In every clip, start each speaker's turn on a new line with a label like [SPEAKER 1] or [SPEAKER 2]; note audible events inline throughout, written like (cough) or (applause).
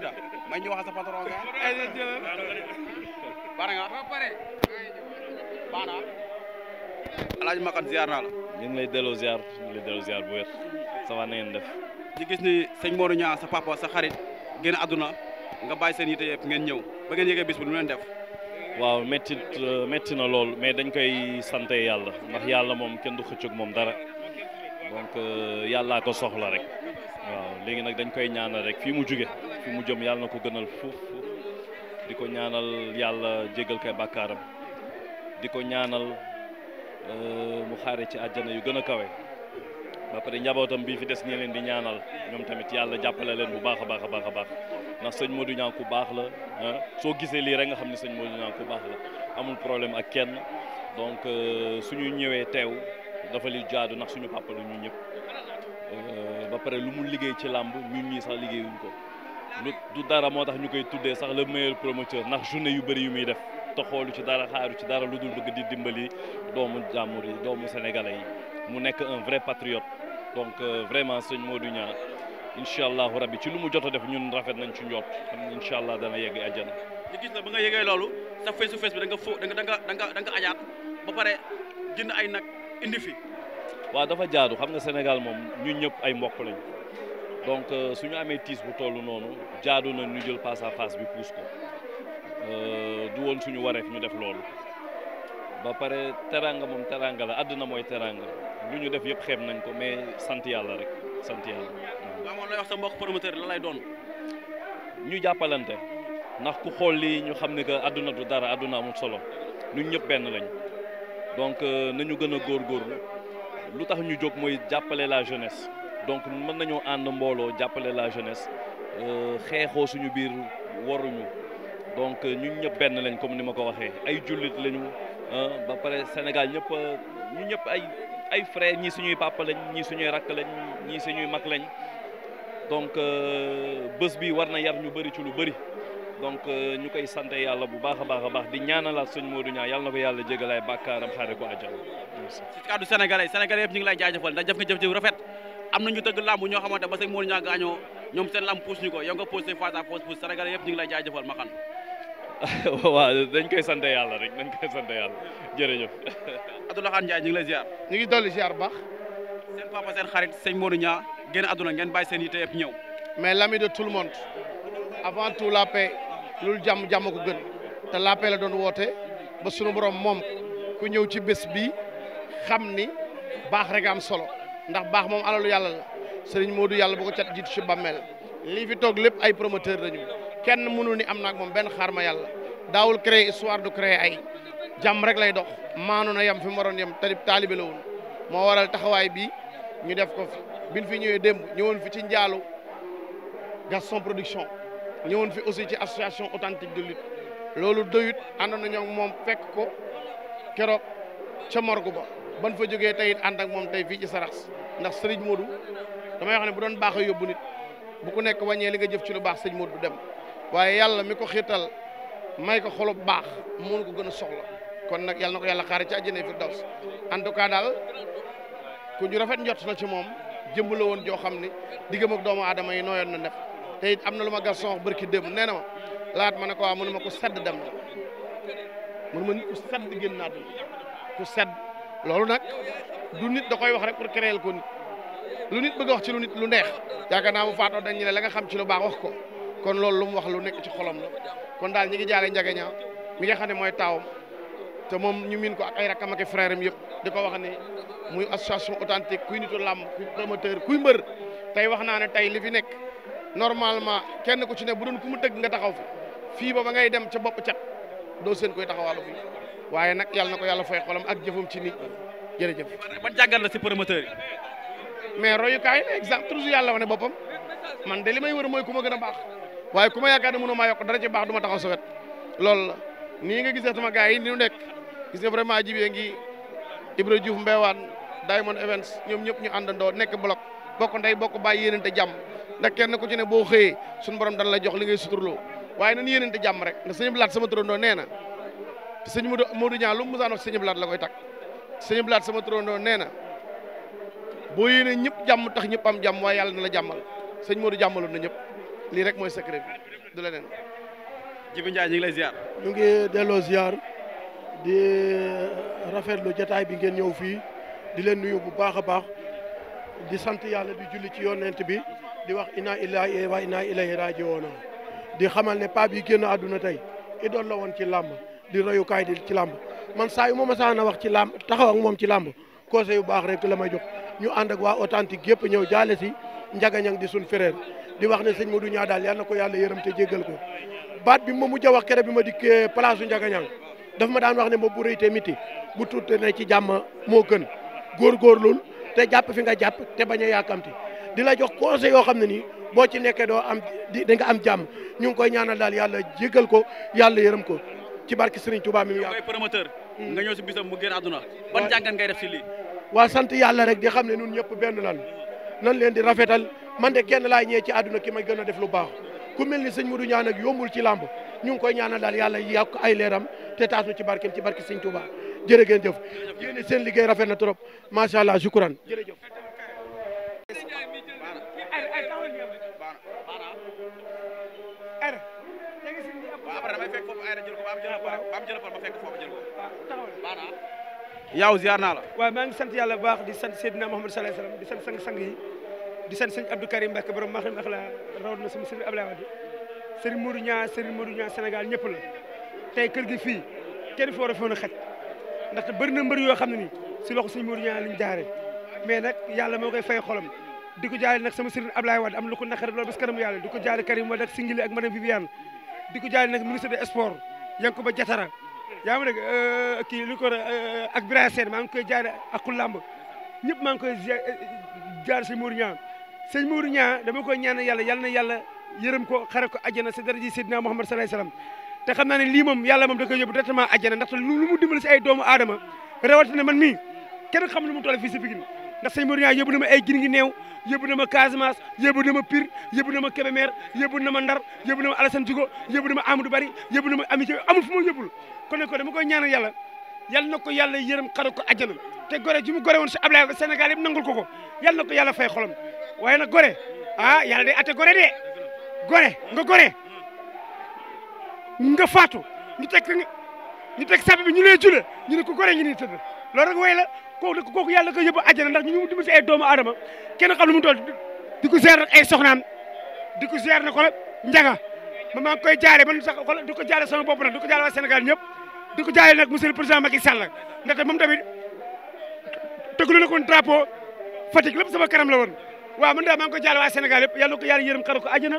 [SPEAKER 1] Daouda ma ñu wax sa patron nga bara nga ba ziar naa la ñu lay delloo ziar ñu bu wér ça va na ngeen def ci gis ni sëñ Modou Niang sa papa sa xarit génn àdduna nga bàyyi seen yite yëpp ngeen ñëw ba ngeen yëgee bis bi lu leen def waaw
[SPEAKER 2] metti métti na lool mais dañ koy sante yàlla ndax yàlla moom kenn du xëccoog moom dara donc euh, yàllaa ko soxla rek waaw léegi nag dañ koy ñaanal rek fii mu jóge fi mu jëm yàlla na ko gënal fuuf di ko ñaanal yàlla jégal kay bàkkaaram di ko ñaanal euh, mu xaare ci àjjana yu gën a kawe ba pare njabootam bii fi des ñi leen di ñaanal ñoom tamit yàlla jàppale leen bu baax a baax a baax a baax ndax sëñ Modou Niang ku baax la soo gisee lii rek nga xam ne sëñ Modou Niang ku baax la amul problème ak kenn donc euh, suñu ñëwee teew dafa li jaadu ndax suñu papa la ñu ñëpp euh, ba pare lu mu liggéey ci làmb ñun ñii sax liggéeyuñ ko lu du dara moo tax ñu koy tuddee sax le meilleur promoteur ndax journée yu bëri yu muy def te xoolu ci dara xaaru ci dara lu dul bëgg di dimbali doomu jàmbur yi doomu sénégalais yi mu nekk un vrai patriote donc euh, vraiment sëñ Modou Niang incha allahu rabbi ci lu mu jot def ñun rafet nañ ci njort xam ne incha allah dana yegg àjjana.
[SPEAKER 1] ñu gis na ba nga yegee loolu sa face to face bi da nga fo da nga ajaat ba pare jënd ay nag indi fi.
[SPEAKER 2] waaw dafa jaadu xam nga Sénégal moom ñun ñëpp ay mbokk lañu. donc euh, su ñu amee tiis bu tollu noonu jaadu na ñu jël face à face bi puus ko euh, du woon suñu wareef ñu def loolu ba pare teranga moom teranga la àdduna mooy teranga lu ñu def yëpp xeem nañ ko mais sant yàlla rek sant yàlla. waaw moom lay wax sa mbokk promoteur la lay doon. ñu jàppalante ndax ku xool lii ñu xam ne que àdduna du dara àdduna amul solo ñun ñëpp benn lañ donc euh, nañu gën a góor lu tax ñu jóg mooy jàppale la jeunesse. donc mën nañoo ànd mbooloo jàppale la jeunesse euh, xeexoo suñu biir waruñu donc euh, ñu ñëpp benn lañ comme ni ma ko waxee ay jullit lañu ba pare Sénégal ñëpp euh, ñu ñëpp ay ay frère ñii suñuy papa lañ ñii suñuy rakk lañ ñii suñuy mag lañ donc bés bi war na yar ñu bari ci lu bëri donc ñu koy sant yàlla bu baax a baax a baax di ñaanalaat suñ
[SPEAKER 1] Modou Niang yàlla na ko yàlla jégalaay
[SPEAKER 2] bàkkaaram xaare ko àjjana. ci
[SPEAKER 1] kàddu sénégalais yëpp ñu ngi lay jaajëfal ndax jëf am na ñu tëgg làmb ñoo xamante ba sëñ Mor Niang gaañoo ñoom seen làmb pousse ñu ko yow nga pousse face à face pousse Sénégal yëpp ñu ngi lay jaajëfal ma xam.
[SPEAKER 2] (laughs) waaw dañ koy sant yàlla
[SPEAKER 1] rek dañ koy sant yàlla jërëjëf. (laughs) Abdoulaye Khan Ndiaye ñu ngi lay ziar.
[SPEAKER 3] ñu ngi baax.
[SPEAKER 1] seen papa seen xarit sëñ Mor Niang génn àdduna ngeen bàyyi seen yite yëpp ñëw.
[SPEAKER 3] mais l'ami de tout le monde avant tout la paix loolu jàmm jàmm ko gën te la la doon woote ba sunu borom moom ku ñëw bi xam ni baax rek am solo. ndax baax moom alalu yàlla la sëriñ Modou yàlla bu ca cat jiitu ci bàmmeel lii fi toog lépp ay promoteur lañu kenn mënul ni am naag moom benn xaar ma yàlla daawul créer histoire du créer ay jàmm rek lay dox maanu na yam fi mu waroon yem tarib taalibe woon moo waral taxawaay bi ñu def ko fi biñ fi ñëwee démb ñëwoon fi ci njaalu Gaston production ñëwoon fi aussi ci association authentique de lutte loolu doyut ànd nañu ak moom fekk ko keroog ca morgue ban fa jógee tey it ànd ak moom tey fii ci sarax ndax sëriñ Modou damay wax ne bu doon baax a yóbbu nit bu ku nekk wàññee li nga jëf ci lu baax sëriñ Modou du dem waaye yàlla mi ko xiital may ko xolub baax mun ko gën a soxla kon nag yàlla na ko yàlla xaare ci àjjana firdaws en tout cas daal ku ñu rafet njot na ci moom jëmb woon joo xam ne diggam ak doomu aadama yi nooyoon na def te it am na lu ma garçon wax barki démb nee na ma laat ma ne ko waaw mënu ma ko sedd dem ma ku sedd génn naa ku loolu nag du nit da koy wax rek pur créer ko nit lu nit bëgg wax ci lu nit lu neex yaakaar naa bu faatoo dañ ne la nga xam ci lu baax wax ko kon loolu lu mu wax lu nekk ci xolam la kon daal ñi ngi jaale njagañaa mi nga xam ne mooy taawam te moom ñu miin ko ak ay rakkam ak frère am yëpp di ko wax ne muy association authentique kuy nitu làmb kuy promoteur kuy mbër tey wax naa ne tey li fi nekk normalement kenn ku ci ne bu doon ku mu tëgg nga taxaw fi fii ba ba ngay dem ca bopp cat doo seen koy taxawaalu fii waaye nag yàlla na ko yàlla fay xolam ak jëfum ci nit ñi jërëjëf.
[SPEAKER 1] ban jàngat la si promoteur yi.
[SPEAKER 3] mais royukaay la exemple toujours yàlla wane boppam man de li may war mooy ku ma gën a baax waaye ku ma yaakaar ne mënoo maa yokk dara ci baax du ma taxaw sa wet loolu la nii nga gisee sama gaa yi ni ñu nekk gis nga vraiment jibee ngi Ibra Diouf Mbewaan Diamond Events ñoom ñëpp ñu àndandoo nekk bloc bokk ndey bokk bàyyi yéenante jàmm ndax kenn ku ci ne boo xëyee suñu borom dana la jox li ngay suturloo waaye nañ yéenante jàmm rek ndax sëñ bi sama turandoo nee na te sëñ Modou Modou Niang lu mu musaan wax la koy takk sëñ Blaat sama turandoo nee na boo yéene ñëpp jàmm tax ñëpp am jàmm waaye yàlla na la jàmmal sëñ Modou jàmmaloon na ñëpp lii rek mooy secret bi du leneen. Jibi Ndiaye ñu ngi lay ziar.
[SPEAKER 4] ngi delloo ziar di rafetlu jataay bi ngeen ñëw fii di leen nuyu bu baax a baax di sant yàlla di julli ci yoon yonent bi di wax inaa illaahi wa inna ilayhi raaji'uun di xamal ne pape yi génn àdduna tey idool la woon ci làmb di royukaay di ci làmb man saa yu ma masaan a wax ci làmb taxaw ak moom ci làmb conseil yu baax rek la may jox ñu ànd ak waa authentique gépp ñëw jaale si njagañang di sun frère di wax ne sëñ du ñaa daal yal na ko yàlla yërëm te jéggal ko baat bi ma mujj a wax kere bi ma dikkee place u njagañang daf ma daan wax ne ma bu rëy te miti bu tuutte ne ci jàmm moo gën góor góor lul te jàpp fi nga jàpp te bañ a yàkkamti di la jox conseil yoo xam ne nii boo ci nekkee doo am di nga am jàmm ñu ngi koy ñaanal daal yàlla jéggal ko yàlla yërëm ko ci barke Serigne Touba mi mu yàgg.
[SPEAKER 1] promoteur mm. nga ñëw si bisam mu génn àdduna. ban jàngat ngay def si lii.
[SPEAKER 4] waa sant yàlla rek di xam ne ñun ñëpp benn lan nan leen di rafetal man de kenn laay ñëwee ci àdduna ki may gën a def lu baax ku mel ni sëñ Modou ñaan ak yombul ci làmb ñu ngi koy ñaanal daal yàlla yàq ay leeram te taas nu ci barkeem ci barke Serigne Touba jërë ngeen jëf yéen seen liggéey rafet na trop macha allah shukran jërëjëf
[SPEAKER 1] ayra jël ko ba am jël ko rek ba
[SPEAKER 5] naa la waaw maa ngi sant yàlla bu baax di sant Seydina Muhammad sallallahu alayhi wasallam di sant sang-sang yi di sant sëñ Abdou Karim Mbacke borom maa xam la rawat na sama sëriñ Abdoulaye Wade sëriñ Modou Niang sëriñ Modou Niang ñëpp la tey kër gi fii kenn fi war a foon a xaj ndaxte bëri na mbër yoo xam ne ni si loxo sëriñ Modou Niang liñ jaare mais nag yàlla moo koy fay xolam di ko jaale nag sama sëriñ Abdoulaye Wade am lu ko loolu bés kanam yàlla di ko jaay nag ministre des sports Yankuba Diatara yaa ma dégg euh, kii li ko euh, ak Birahim Sène maa ngi koy jaare ak ku làmb ñëpp maa ngi koy euh, jaar sëñ Mourou Niang sëñ Mourou Niang dama koy ñaan yàlla yal na yàlla yërëm ko xare ko àjjana si daraja Seydina Muhammad sallallahu alayhi wasallam te xam naa ne lii moom yàlla moom da koy yóbbu directement àjjana ndaxte lu mu dimbali si ay doomu aadama rawatina man mi kenn xam lu mu toll fii si Pikine ndax sëñ Mourou Niang yóbbu yóbbu na ma Casamance yóbbu na ma Pire yóbbu na ma Kébémer yóbbu na ma Ndar yóbbu na ma Alassane Djigo yóbbu na ma Amadou Bari yóbbu na ma Amitié amul fu ma yóbbul kon nag ko dama koy ñaanal yàlla yal na ko yàlla yërëm xare ko àjjana te gore ji mu gore woon si Ablaye senegal yëpp nangul ko ko yal na ko yàlla fay xolam waaye nag gore ah yàlla day atte gore de gore nga gore nga faatu ngi teg ñu teg sàpp bi ñu lay jule ñu ne ko gore ñu nii tëdd loolu rek way la kooku kooku yàlla ko yóbbu àjjana ndax ñu ngi dimbali si ay doomu aadama kenn xam lu mu toll di ko gérer ay di ko gérer na ko la njaga man maa koy jaare ma sax xool di ko jaare sama bopp nag di ko jaare waa Sénégal ñëpp di ko jaare nag monsieur le moom tamit tëggalu na ko drapeau Fatick lépp sama kanam la woon waaw maa koy jaare waa Sénégal yëpp yàlla na ko yàlla yërëm xaral ko àjjana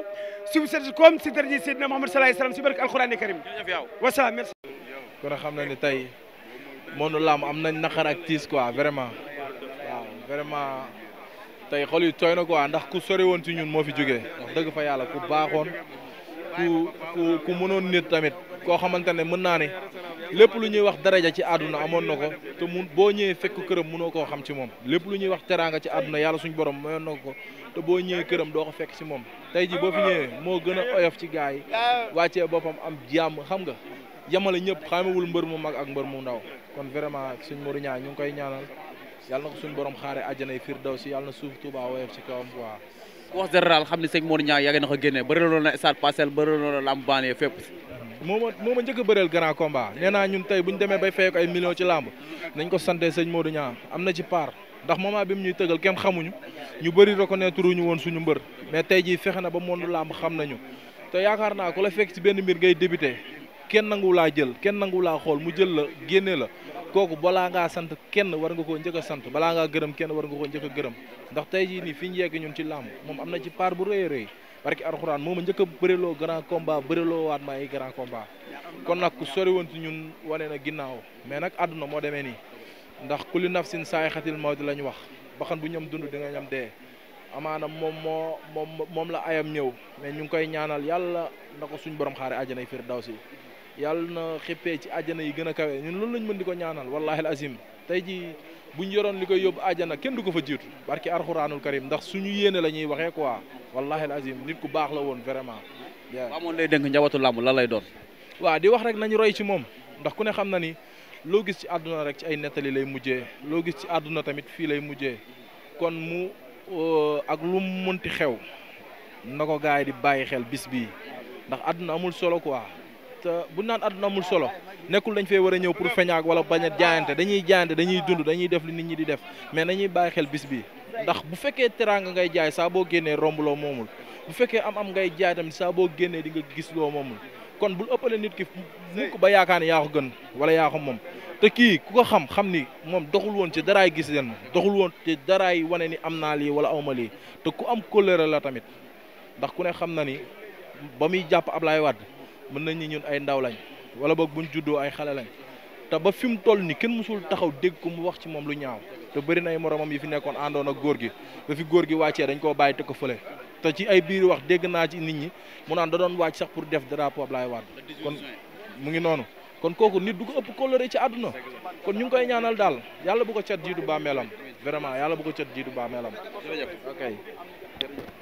[SPEAKER 5] suuf si comme si daraje Seydina Mouhamed sallallahu alayhi wa sallam si barke alxuraan karim wasalaam merci
[SPEAKER 6] xam na ne tey moonu làmb am nañ naqar ak tiis quoi vraiment waaw vraiment tey xol yi tooy na quoi ndax ku sori woon ci ñun moo fi jógee wax dëgg fa yàlla ku baaxoon ku ku ku mënoon nit tamit koo xamante ne mën naa ne lépp lu ñuy wax daraja ci àdduna amoon na ko te mun boo ñëwee fekk këram munoo ko xam ci moom lépp lu ñuy wax teraanga ci àdduna yàlla suñ borom mayoon na ko te boo ñëwee këram doo ko fekk ci moom tey ji boo fi ñëwee moo gën a oyof ci gars yi wàccee boppam am jàmm xam nga yamale ñëpp xamewul mbër mu mag ak mbër mu ndaw kon vraiment suñ Modou Niang ñu koy ñaanal yàlla na ko suñ borom xaare àjjana yi fiir daw si yàlla na suuf Touba woyof ci kawam waa
[SPEAKER 1] ku wax général xam ne sëñ Modou Niang yàgg na ko a bëreel
[SPEAKER 6] ñu demee bay ko ay woon suñu mbër mais tey jii fexe na ba monde làmb xam nañu te yaakaar naa ku la fekk ci benn mbir ngay débuté kenn nangu laa jël kenn nangu laa xool mu jël la génne la kooku balaa ngaa sant kenn war nga koo njëkk sant balaa ngaa gërëm kenn war nga koo njëkk gërëm ndax tey jii nii fi ñu yegg ñun ci làmb moom am na ci paar bu rëy rëy barki arxuraan moom a njëkk a bëreloo grand combat waat ma ay grand combat kon nag ku sori woon ci ñun wane na ginnaaw mais nag àdduna moo demee nii ndax kulli nafsin saay xatil mawti la ñu wax baxan bu ñam dund di nga ñam dee amaana moom moo moom moom la ayam ñëw mais ñu ngi koy ñaanal yàlla na ko suñ borom xaare àjjanay firdawsi yàlla na xippee ci àjjana yi gën a kawe ñun loolu lañ mën di ko ñaanal wallahi azim tey ji buñ yoroon li koy yóbbu àjjana kenn du ko fa jiitu barki arxuraanul karim ndax suñu yéene la ñuy waxee quoi wallahi azim nit ku baax la woon vraiment.
[SPEAKER 1] waaw amoon lay dénk njabootu làmb lan lay doon.
[SPEAKER 6] waa di wax rek nañu roy ci moom ndax ku ne xam na ni loo gis ci àdduna rek ci ay nettali lay mujjee loo gis ci àdduna tamit fii lay mujjee kon mu uh, ak lu mu mënti xew na ko gaa yi di bàyyi xel bis bii ndax àdduna amul solo quoi. Uh, bu naan àdduna amul solo nekkul dañ fee war a ñëw pour feñaak wala bañ a jaayante dañuy jaayante dañuy dund dañuy def li nit ñi di def mais nañuy bàyyi xel bis bi ndax bu fekkee teraanga ngay jaay saa boo génnee rombuloo loo moomul bu fekkee am am ngay jaay tamit saa boo génnee di nga gis loo moomul kon bul ëppale nit ki mukk ba yaakaar ne yaa ko gën wala yaa ko moom te kii ku ko xam xam ni moom doxul woon ci daraay gis leen doxul woon ci daraay wane ni am naa lii wala awma lii am kóllëre la tamit ndax ku ne xam na ni ba muy jàpp Ablaye Wade mën nañ ni ñun ay ndaw lañ wala boog buñ juddoo ay xale lañ te ba fi mu toll ni kenn mësul taxaw dégg ko mu wax ci moom lu ñaaw te bëri na ay moromam yi fi nekkoon àndoon góor gi ba fi góor gi wàccee dañ koo bàyyi te ko fële te ci ay biir wax dégg naa ci nit ñi mu naan da doon wàcc sax pour def drapeau Ablaye Wade kon mu ngi noonu kon kooku nit du ko ëpp coloré ci àdduna kon ñu ngi koy ñaanal daal yàlla bu ko cat jiitu bàmmeelam vraiment yàlla bu ko cat jiitu bàmmeelam ok